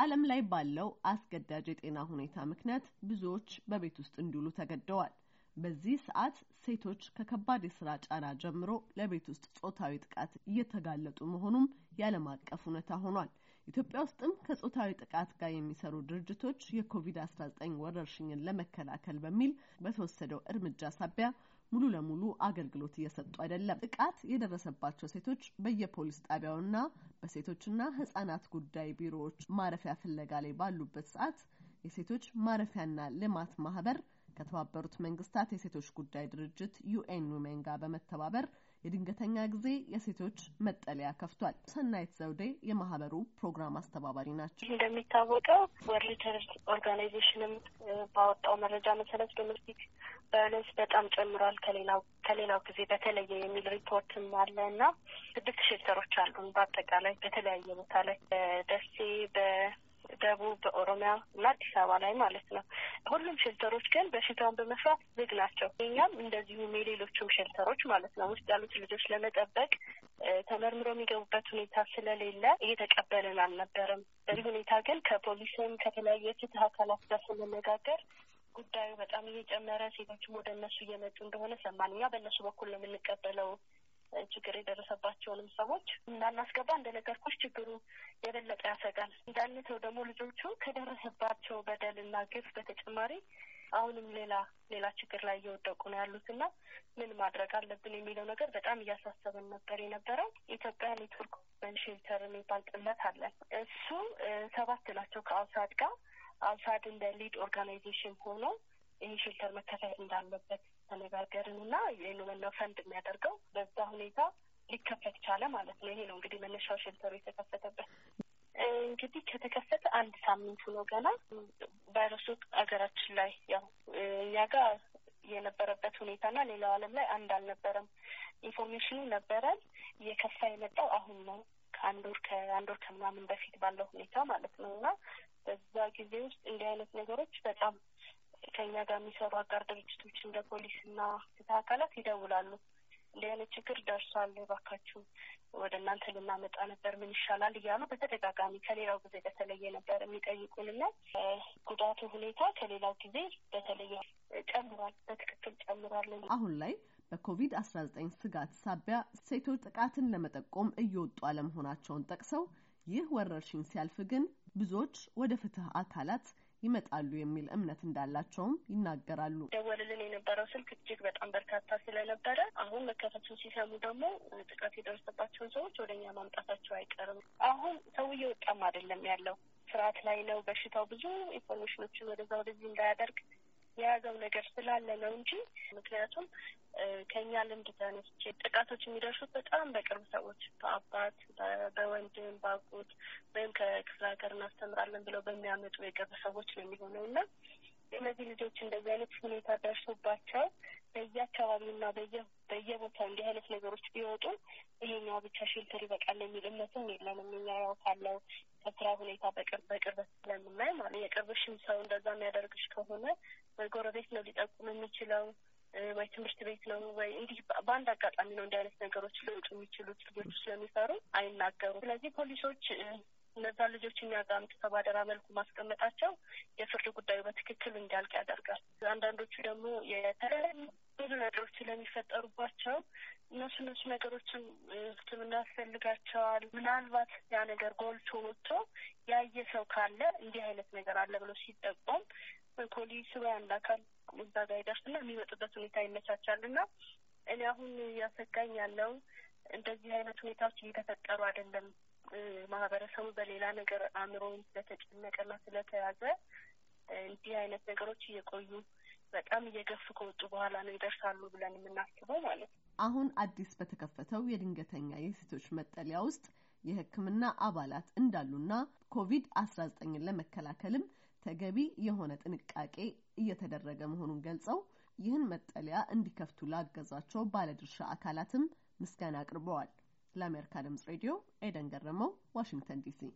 በዓለም ላይ ባለው አስገዳጅ የጤና ሁኔታ ምክንያት ብዙዎች በቤት ውስጥ እንዲውሉ ተገደዋል። በዚህ ሰዓት ሴቶች ከከባድ የስራ ጫና ጀምሮ ለቤት ውስጥ ጾታዊ ጥቃት እየተጋለጡ መሆኑም የዓለም አቀፍ እውነታ ሆኗል። ኢትዮጵያ ውስጥም ከጾታዊ ጥቃት ጋር የሚሰሩ ድርጅቶች የኮቪድ-19 ወረርሽኝን ለመከላከል በሚል በተወሰደው እርምጃ ሳቢያ ሙሉ ለሙሉ አገልግሎት እየሰጡ አይደለም። ጥቃት የደረሰባቸው ሴቶች በየፖሊስ ጣቢያውና በሴቶችና ህጻናት ጉዳይ ቢሮዎች ማረፊያ ፍለጋ ላይ ባሉበት ሰዓት የሴቶች ማረፊያና ልማት ማህበር ከተባበሩት መንግስታት የሴቶች ጉዳይ ድርጅት ዩኤን ዊሜን ጋር በመተባበር የድንገተኛ ጊዜ የሴቶች መጠለያ ከፍቷል። ሰናይት ዘውዴ የማህበሩ ፕሮግራም አስተባባሪ ናቸው። እንደሚታወቀው ወርልድ ሄልዝ ኦርጋናይዜሽንም ባወጣው መረጃ መሰረት ዶሜስቲክ ቫዮለንስ በጣም ጨምሯል ከሌላው ከሌላው ጊዜ በተለየ የሚል ሪፖርትም አለ እና ስድስት ሼልተሮች አሉን በአጠቃላይ በተለያየ ቦታ ላይ በደሴ በ ደቡብ፣ በኦሮሚያ እና አዲስ አበባ ላይ ማለት ነው። ሁሉም ሸልተሮች ግን በሽታውን በመስራት ዝግ ናቸው። እኛም እንደዚሁም የሌሎችም ሸልተሮች ማለት ነው ውስጥ ያሉት ልጆች ለመጠበቅ ተመርምሮ የሚገቡበት ሁኔታ ስለሌለ እየተቀበልን አልነበረም። በዚህ ሁኔታ ግን ከፖሊስም ከተለያዩ የፍትህ አካላት ጋር ስንነጋገር ጉዳዩ በጣም እየጨመረ ሴቶችም ወደ እነሱ እየመጡ እንደሆነ ሰማን። እኛ በእነሱ በኩል ነው የምንቀበለው ችግር የደረሰባቸውንም ሰዎች እንዳናስገባ እንደነገርኩሽ ችግሩ የበለጠ ያሰጋል። እንዳንተው ደግሞ ልጆቹ ከደረሰባቸው በደልና ግፍ በተጨማሪ አሁንም ሌላ ሌላ ችግር ላይ እየወደቁ ነው ያሉትና ምን ማድረግ አለብን የሚለው ነገር በጣም እያሳሰብን ነበር የነበረው። ኢትዮጵያ ኔትወርክ ኦፍ ሼልተር የሚባል ጥምረት አለን። እሱ ሰባት ናቸው ከአውሳድ ጋር አውሳድ እንደ ሊድ ኦርጋናይዜሽን ሆኖ ይህ ሼልተር መከፈት እንዳለበት ተነጋገርን እና የኖመና ፈንድ የሚያደርገው በዛ ሁኔታ ሊከፈት ቻለ ማለት ነው። ይሄ ነው እንግዲህ መነሻው ሸልተሩ የተከፈተበት። እንግዲህ ከተከፈተ አንድ ሳምንት ነው ገና ቫይረሱ ሀገራችን ላይ ያው እኛ ጋር የነበረበት ሁኔታና ሌላው ዓለም ላይ አንድ አልነበረም። ኢንፎርሜሽኑ ነበረን። እየከፋ የመጣው አሁን ነው ከአንድ ወር ከአንድ ወር ከምናምን በፊት ባለው ሁኔታ ማለት ነው እና በዛ ጊዜ ውስጥ እንዲህ አይነት ነገሮች በጣም ከኛ ጋር የሚሰሩ አጋር ድርጅቶች እንደ ፖሊስና ፍትህ አካላት ይደውላሉ። እንዲህ አይነት ችግር ደርሷል፣ እባካችሁ ወደ እናንተ ልናመጣ ነበር፣ ምን ይሻላል እያሉ በተደጋጋሚ ከሌላው ጊዜ በተለየ ነበር የሚጠይቁንና ጉዳቱ ሁኔታ ከሌላው ጊዜ በተለየ ጨምሯል፣ በትክክል ጨምሯል። አሁን ላይ በኮቪድ አስራ ዘጠኝ ስጋት ሳቢያ ሴቶች ጥቃትን ለመጠቆም እየወጡ አለመሆናቸውን ጠቅሰው ይህ ወረርሽኝ ሲያልፍ ግን ብዙዎች ወደ ፍትህ አካላት ይመጣሉ የሚል እምነት እንዳላቸውም ይናገራሉ። ደወልልን የነበረው ስልክ እጅግ በጣም በርካታ ስለነበረ አሁን መከፈቱን ሲሰሙ ደግሞ ጥቃት የደረሰባቸውን ሰዎች ወደ እኛ ማምጣታቸው አይቀርም። አሁን ሰው እየወጣም አይደለም ያለው ስርዓት ላይ ነው። በሽታው ብዙ ኢንፎርሜሽኖችን ወደዛ ወደዚህ እንዳያደርግ የያዘው ነገር ስላለ ነው እንጂ ምክንያቱም ከኛ ልምድ ተነስቼ ጥቃቶች የሚደርሱት በጣም በቅርብ ሰዎች በአባት፣ በወንድም፣ በአጎት ወይም ከክፍለ ሀገር እናስተምራለን ብለው በሚያመጡ የቅርብ ሰዎች ነው የሚሆነው እና እነዚህ ልጆች እንደዚህ አይነት ሁኔታ ደርሶባቸው በየአካባቢውና በየቦታው እንዲህ አይነት ነገሮች ቢወጡ ይሄኛው ብቻ ሼልተር ይበቃል የሚል እምነትም የለንም። እኛ ያው ካለው ከስራ ሁኔታ በቅርብ በቅርበት ስለምናይ ማለት የቅርብሽም ሰው እንደዛ የሚያደርግሽ ከሆነ ወይ ጎረቤት ነው ሊጠቁም የሚችለው ወይ ትምህርት ቤት ነው ወይ እንዲህ በአንድ አጋጣሚ ነው እንዲህ አይነት ነገሮች ሊወጡ የሚችሉት ልጆቹ ስለሚፈሩ አይናገሩም። ስለዚህ ፖሊሶች እነዛ ልጆች የሚያጋምጡ ተባደራ መልኩ ማስቀመጣቸው የፍርድ ጉዳዩ በትክክል እንዲያልቅ ያደርጋል። አንዳንዶቹ ደግሞ የተለያዩ ብዙ ነገሮች ስለሚፈጠሩባቸው እነሱ እነሱ ነገሮችም ሕክምና ያስፈልጋቸዋል። ምናልባት ያ ነገር ጎልቶ ወጥቶ ያ ሰው ካለ እንዲህ አይነት ነገር አለ ብሎ ሲጠቆም ፖሊስ ወይ አንድ አካል እዛ ጋ ይደርስና የሚመጡበት ሁኔታ ይመቻቻል። እና እኔ አሁን እያሰጋኝ ያለው እንደዚህ አይነት ሁኔታዎች እየተፈጠሩ አይደለም። ማህበረሰቡ በሌላ ነገር አእምሮውን ስለተጨነቀና ስለተያዘ እንዲህ አይነት ነገሮች እየቆዩ በጣም እየገፉ ከወጡ በኋላ ነው ይደርሳሉ ብለን የምናስበው ማለት ነው። አሁን አዲስ በተከፈተው የድንገተኛ የሴቶች መጠለያ ውስጥ የሕክምና አባላት እንዳሉና ኮቪድ-19ን ለመከላከልም ተገቢ የሆነ ጥንቃቄ እየተደረገ መሆኑን ገልጸው ይህን መጠለያ እንዲከፍቱ ላገዟቸው ባለድርሻ አካላትም ምስጋና አቅርበዋል። ለአሜሪካ ድምጽ ሬዲዮ ኤደን ገረመው፣ ዋሽንግተን ዲሲ